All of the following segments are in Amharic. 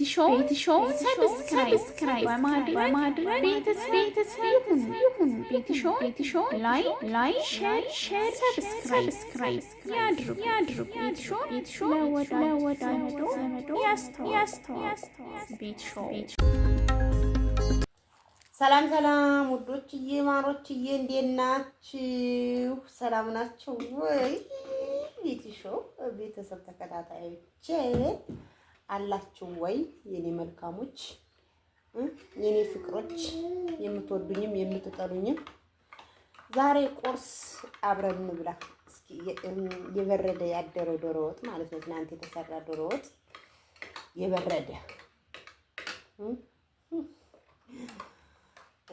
ቤትሾን ሰብስክራይብ በማድረግ ቤተሰብ ይሁኑ። ቤትሾን ላይ ሼር ሰብስክራይብ ያድርጉ። ሰላም ሰላም፣ ውዶችዬ ማሮችዬ፣ እንዴት ናችሁ? ሰላም ናችሁ ወይ? ቤትሾ ቤተሰብ ተከታታዮቼ አላችሁ ወይ የኔ መልካሞች፣ የኔ ፍቅሮች፣ የምትወዱኝም የምትጠሉኝም፣ ዛሬ ቁርስ አብረን እንብላ። እስኪ የበረደ ያደረው ዶሮ ወጥ ማለት ነው። ትናንት የተሰራ ዶሮ ወጥ የበረደ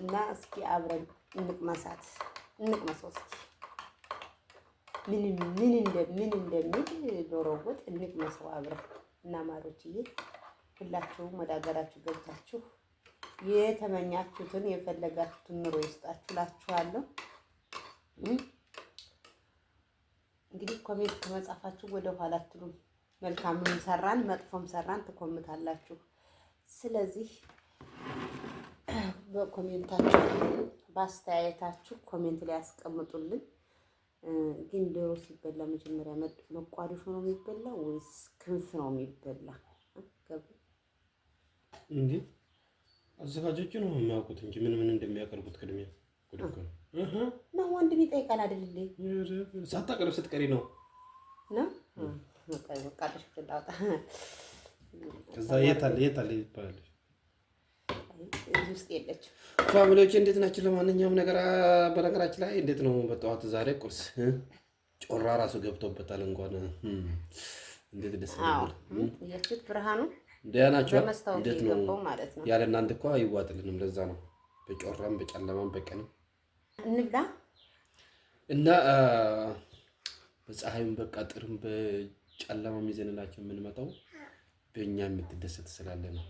እና እስኪ አብረን እንቅመሳት እንቅመሰው እስኪ ምን ምን እንደሚል ዶሮ ወጥ እንቅመሰው አብረን እና ማሮችዬ ሁላችሁም ወደ ሀገራችሁ ገብታችሁ የተመኛችሁትን የፈለጋችሁትን ኑሮ ይስጣችሁ እላችኋለሁ። እንግዲህ ኮሜንት ከመጻፋችሁ ወደ ኋላ አትሉም። መልካምም ሰራን መጥፎም ሰራን ትኮምታላችሁ። ስለዚህ በኮሜንታችሁ በአስተያየታችሁ ኮሜንት ላይ ያስቀምጡልን። ግን ዶሮ ሲበላ መጀመሪያ መቋደሾ ነው የሚበላ ወይስ ክንፍ ነው የሚበላ? እንዴ አዘጋጆቹ ነው የሚያውቁት እንጂ ምን ምን እንደሚያቀርቡት ቅድሚያ እና ወንድም ይጠይቃል አይደል? ሳታቀርብ ስትቀሪ ነው እና ከዛ የት አለ የት አለ ይባላል። እዚህ ውስጥ ፋሚሊዎች እንዴት ናቸው? ለማንኛውም ነገር በነገራችን ላይ እንዴት ነው በጠዋት ዛሬ ቁርስ ጮራ ራሱ ገብቶበታል። እንኳን እንዴት ደስ ያችት ብርሃኑ ዲያናቸው እንዴት ነው ያለ እናንተ እኮ አይዋጥልንም። ለዛ ነው በጮራም በጨለማም በቀንም እንብላ እና በፀሐይም በቀትርም በጨለማም ይዘንላቸው የምንመጣው በእኛ የምትደሰት ስላለ ነው።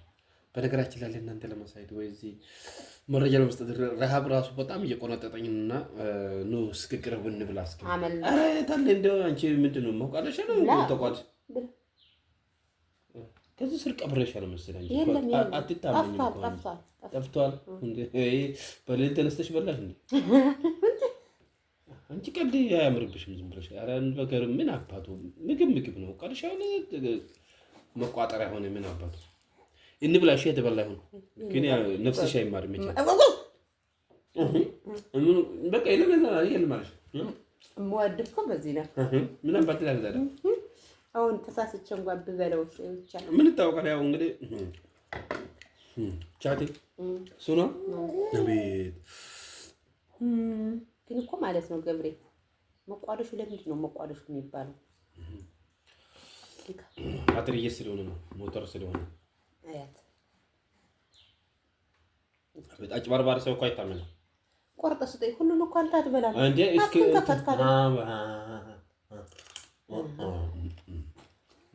በነገራችን ላይ እናንተ ለማሳየት ወይ እዚህ መረጃ ለመስጠት ረሃብ ራሱ በጣም እየቆነጠጠኝ እና ኑ እስኪ ቅርብ እንብላ እስኪ ታለ እንደ አንቺ ምንድን ነው መውቃለሻ ነው ተቋት ከዚህ ስር ቀብረሻል መሰለኝ። አትታመኝም። ጠፍቷል። በሌሊት ተነስተሽ በላሽ እንዴ? አንቺ ቀልድ አያምርብሽም። ዝም ብለሽ ነገር ምን አባቱ ምግብ ምግብ ነው። ቃልሻ ሆነ መቋጠሪያ ሆነ ምን አባቱ እንብላሽ የተበላ ይሁን ግን ነፍስሽ አይማርም። በቃ የምወድህ እኮ በዚህ ነው። አሁን ተሳስቼ እንኳን ብበለው ምን ይታወቃል? ያው እንግዲህ ቻቴ እሱ ነው። አቤት ግን እኮ ማለት ነው ገብሬ መቋደሹ ለምንድን ነው መቋደሹ የሚባለው? አጥርዬ ስለሆነ ነው ሞተር ስለሆነ አያት አጭበርባሪ ሰው እኮ አይታመንም። ቆርጠ ስጠይ ሁሉን እኮ አንተ አትበላም እንዴ? እስኪ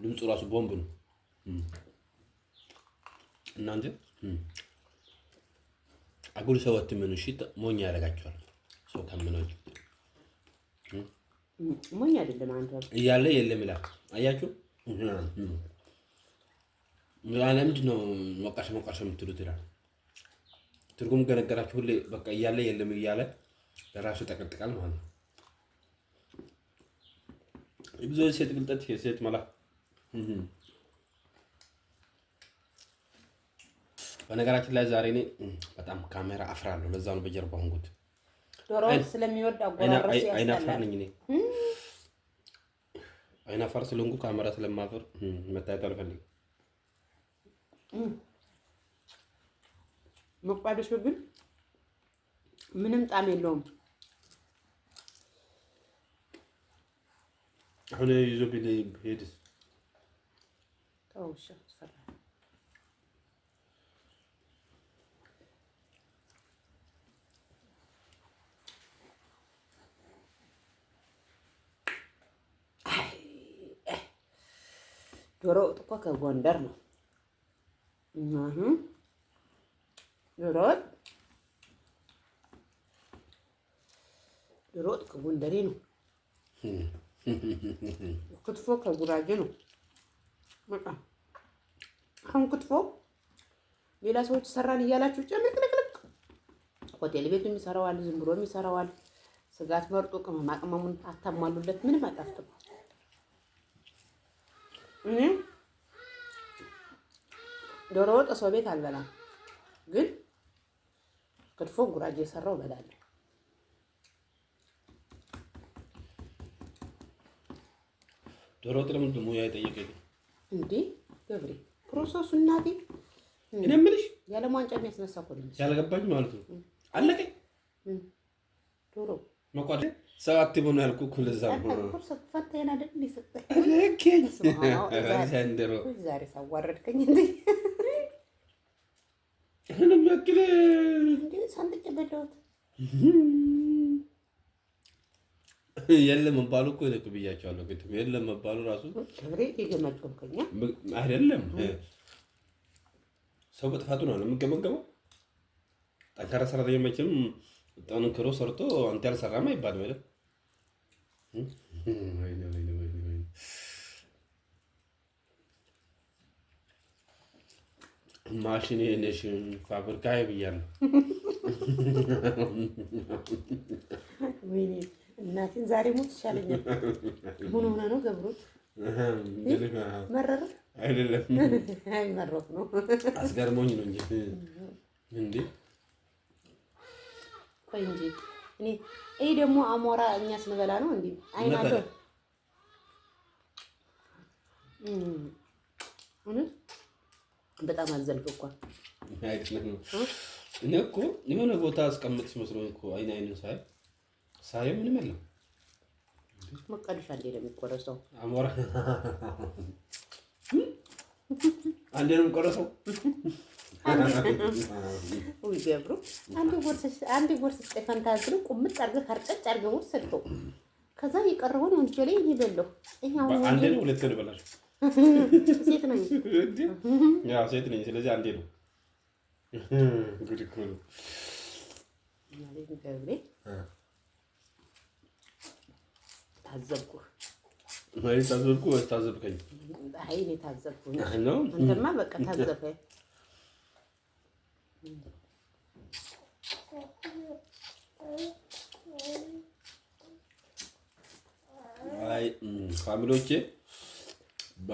ድምፁ ራሱ ቦምብ ነው። እናንተ አጉል ሰው አትመኑ። እሺ ሞኝ ያደርጋቸዋል። ሰው ከምኖች ሞኝ አይደለም አንተ እያለ የለም ይላል። አያችሁ ለምንድን ነው ሞቃሽ ሞቃሽ የምትሉት ይላል። ትርጉም ከነገራችሁ ሁሌ በቃ እያለ የለም እያለ ለራሱ ይጠቀጥቃል ማለት ነው። ብዙ የሴት ብልጠት የሴት መላ በነገራችን ላይ ዛሬ እኔ በጣም ካሜራ አፍራለሁ። ለዛ ነው በጀርባ ሆንኩት። ዶሮ ስለሚወድ አጎራረሱ አይናፋር ነኝ እኔ አይናፋር ስለሆንኩ ካሜራ ስለማፍር መታየት አልፈልግም። መቋደሾ ግን ምንም ጣም የለውም። አሁን ይዞ ቢለይም ሄድስ ተውሻ ዶሮ ወጥ እኮ ከጎንደር ነው። ዶሮወጥ ወጥ ከጎንደሬ ነው። ክትፎ ከጉራጌ ነው። አሁን ክትፎ ሌላ ሰዎች ሰራን እያላችሁ ጨምቅልቅልቅ ሆቴል ቤቱም ይሰራዋል፣ ዝም ብሎም ይሰራዋል። ስጋት መርጦ ቅመማ ቅመሙን አታሟሉለት፣ ምንም አጣፍጥም። ዶሮ ወጥ ሰው ቤት አልበላም፣ ግን ክትፎ ጉራጌ የሰራው እበላለሁ። ዶሮ ወጥ ለምን ሙያ የጠየቀኝ እንዴ? ገብሬ ፕሮሰሱ እናቴ እኔ የምልሽ ያለ ሟንጫ የሚያስነሳ እኮ ነው ያልገባኝ ማለት ነው። አለቀ ዶሮ መቋደ ሰባት ሆኖ ያልኩ እኮ ለዛ ፈታይን አይደል ሰጠኝ ዛሬ ሳዋረድከኝ እንዴ ያክል የለም መባሉ እኮ ብያቸዋለሁ። የለም መባሉ ራሱ አይደለም። ሰው በጥፋቱ ነው የምንገመገመው። ጠንካራ ሰራተኛ መቼም ጠንክሮ ሰርቶ አንተ ያልሰራም አይባልም አይደል? ማሽን ነሽ ፋብሪካ ይብያ ነው። እናቴን ዛሬ ሞት ይሻለኛል። ምን ሆነ ነው ገብሮት? መረረ አይደለም መረት ነው አስገርሞኝ ነው እንጂ እንዴ ቆይ እንጂ እኔ ይህ ደግሞ አሞራ እኛ ስንበላ ነው እንዴ አይናቶ አይናዶ በጣም አዘልክ እኮ እኔ እኮ የሆነ ቦታ አስቀምጥ መስሎኝ እኮ አይን አይኑን ሳይ ሳየው ምንም የለም። መቃዱሻ እንዴ ነው የሚቆረሰው? አሞራ አንዴ ነው የሚቆረሰው። ገብሩ አንድ ጎርስ ስጤ ፈንታ ቁምጥ አድርገህ ከርጨጭ አድርገህ ወሰድከው። ከዛ የቀረውን ወንጀሌ እኔ በለው። ሁለቴ ነው በላቸው ሴት ነኝ። ስለዚህ አንዴ ነው። ጉድ እኮ ነው። ታዘብኩህ ወይ ታዘብኩ ወይ ታዘብከኝ? አይ እኔ ታዘብኩህ ነው። አንተማ በቃ ታዘብከኝ። ፋሚሊዎቼ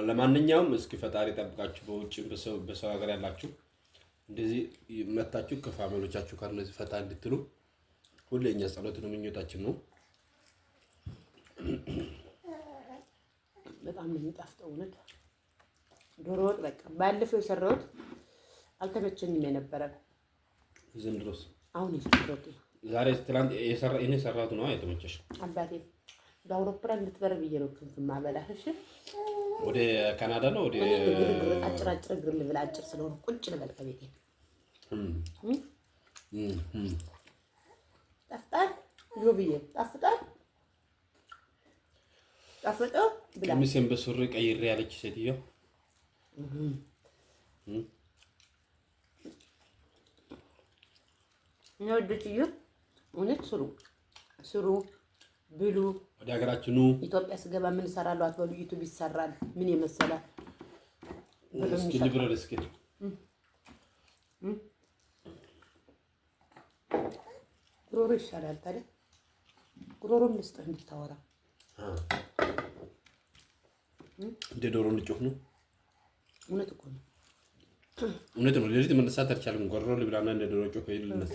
ለማንኛውም እስኪ ፈጣሪ ጠብቃችሁ፣ በውጭ በሰው ሀገር ያላችሁ እንደዚህ መታችሁ ከፋሚሎቻችሁ ጋር እነዚህ ፈታ እንድትሉ ሁሌ እኛ ጸሎት ነው ምኞታችን ነው። በጣም ነው የሚጣፍጠው እውነት። ዶሮ ወጥ በቃ ባለፈው የሰራሁት አልተመቸኝም የነበረ ዘንድሮስ አሁን የሰራሁት ዛሬ ትላንት የሰራ የሰራሁት ነው የተመቸሽ አባቴ በአውሮፕላን ልትበር ብዬ ነው ክንፍ ማበላህ። እሺ ወደ ካናዳ ነው። ወደ አጭር አጭር እግር ልብል፣ አጭር ስለሆነ ቁጭ ልበል ከቤቴ ጣፍጣል ዮ ብዬ ጣፍጣል ጣፍጦ ብላ ሚስም በሱሪ ቀይሬ ያለች ሴትዮ ነው ድትዩ እውነት ስሩ ስሩ ብሉ፣ ወደ ሀገራችን ኢትዮጵያ ስገባ ምን እሰራለሁ አትበሉ። ዩቱብ ይሰራል። ምን የመሰለ ጉሮሮ ይሻላል። ታዲያ ጉሮሮም ልስጥህ እንድታወራ እንደ ዶሮ ንጮህ ነው። እውነት እኮ ነው። እውነት ነው። ሌሊት መነሳት አልቻለም። ጎረሮ ልብላና እንደ ዶሮ ጮህ ልነሳ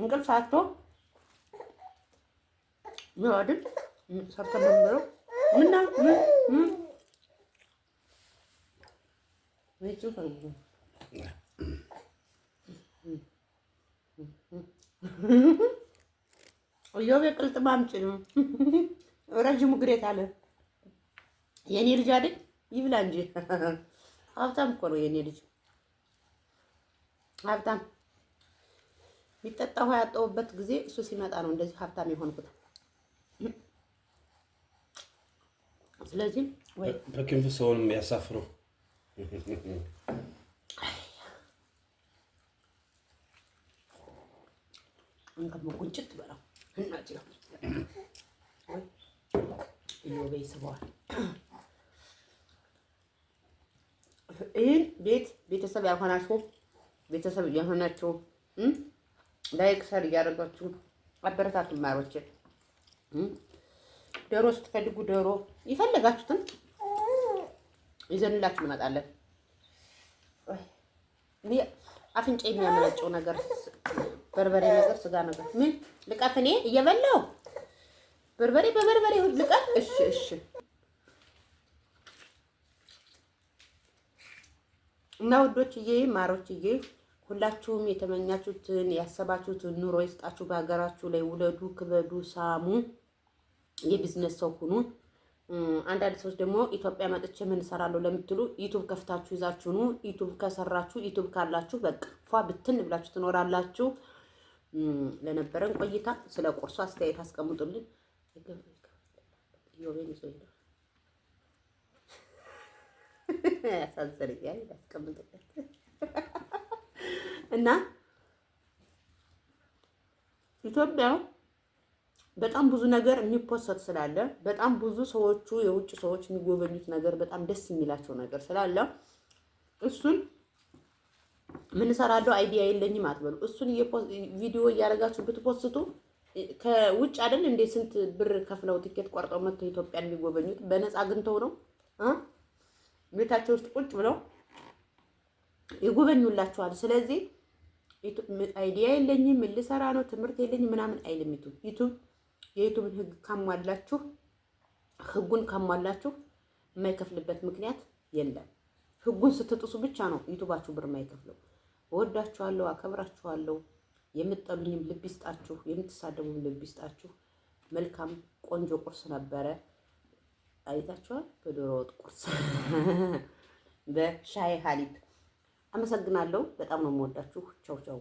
እንቅልፍ አጥቶ ሚወድም ሰብተን ምንበለው ምና እዮቤ ቅልጥም አምጪ ነው ረዥሙ ግሬት አለ። የኔ ልጅ አይደል ይብላ እንጂ ሀብታም እኮ ነው የኔ ልጅ ሀብታም የሚጠጣ ውሃ ያጠውበት ጊዜ እሱ ሲመጣ ነው እንደዚህ ሀብታም የሆንኩት። ስለዚህ ወይ በክንፍ ሰውንም ያሳፍሩ እንከሞ ቁንጭት በለው ይህን ቤት ቤተሰብ ያልሆናችሁ ቤተሰብ ያልሆናችሁ ላይክ ሰር እያደረጋችሁ አበረታቱ ማሮች ዶሮ ስትፈልጉ ዶሮ ይፈለጋችሁትን ይዘንላችሁ እንመጣለን። አፍንጫ የሚያመለጨው ነገር በርበሬ ነገር ስጋ ነገር ምን ልቀት እኔ እየበላው በርበሬ በበርበሬ ሁሉ ልቀት። እሺ እሺ እና ውዶችዬ ማሮችዬ ሁላችሁም የተመኛችሁትን ያሰባችሁትን ኑሮ ይስጣችሁ። በሀገራችሁ ላይ ውለዱ፣ ክበዱ፣ ሳሙ፣ የቢዝነስ ሰው ሁኑ። አንዳንድ ሰዎች ደግሞ ኢትዮጵያ መጥቼ ምን እሰራለሁ ለምትሉ ዩቱብ ከፍታችሁ ይዛችሁ ኑ። ዩቱብ ከሰራችሁ ዩቱብ ካላችሁ በቃ ፏ ብትን ብላችሁ ትኖራላችሁ። ለነበረን ቆይታ ስለ ቁርሱ አስተያየት አስቀምጡልን። ያሳዝን ያስቀምጡልን። እና ኢትዮጵያ በጣም ብዙ ነገር የሚፖሰት ስላለ በጣም ብዙ ሰዎቹ የውጭ ሰዎች የሚጎበኙት ነገር በጣም ደስ የሚላቸው ነገር ስላለ እሱን ምን ሰራለሁ አይዲያ የለኝም አትበሉ። እሱን ቪዲዮ እያደረጋችሁ ብትፖስቱ ከውጭ አይደል እንዴ ስንት ብር ከፍለው ትኬት ቆርጠው መጥተው ኢትዮጵያን የሚጎበኙት በነፃ አግኝተው ነው ቤታቸው ውስጥ ቁጭ ብለው ይጎበኙላችኋል። ስለዚህ አይዲያ የለኝም ምን ልሰራ ነው ትምህርት የለኝም ምናምን አይልም። ዩቱብ ዩቱብ የዩቱብን ህግ ካሟላችሁ ህጉን ካሟላችሁ የማይከፍልበት ምክንያት የለም። ህጉን ስትጥሱ ብቻ ነው ዩቱባችሁ ብር የማይከፍለው። እወዳችኋለሁ፣ አከብራችኋለሁ። የምጠሉኝም ልብ ይስጣችሁ፣ የምትሳደቡም ልብ ይስጣችሁ። መልካም ቆንጆ ቁርስ ነበረ። አይታችኋል። በዶሮ ወጥ ቁርስ በሻይ ሀሊብ አመሰግናለሁ። በጣም ነው የምወዳችሁ። ቻው ቻው።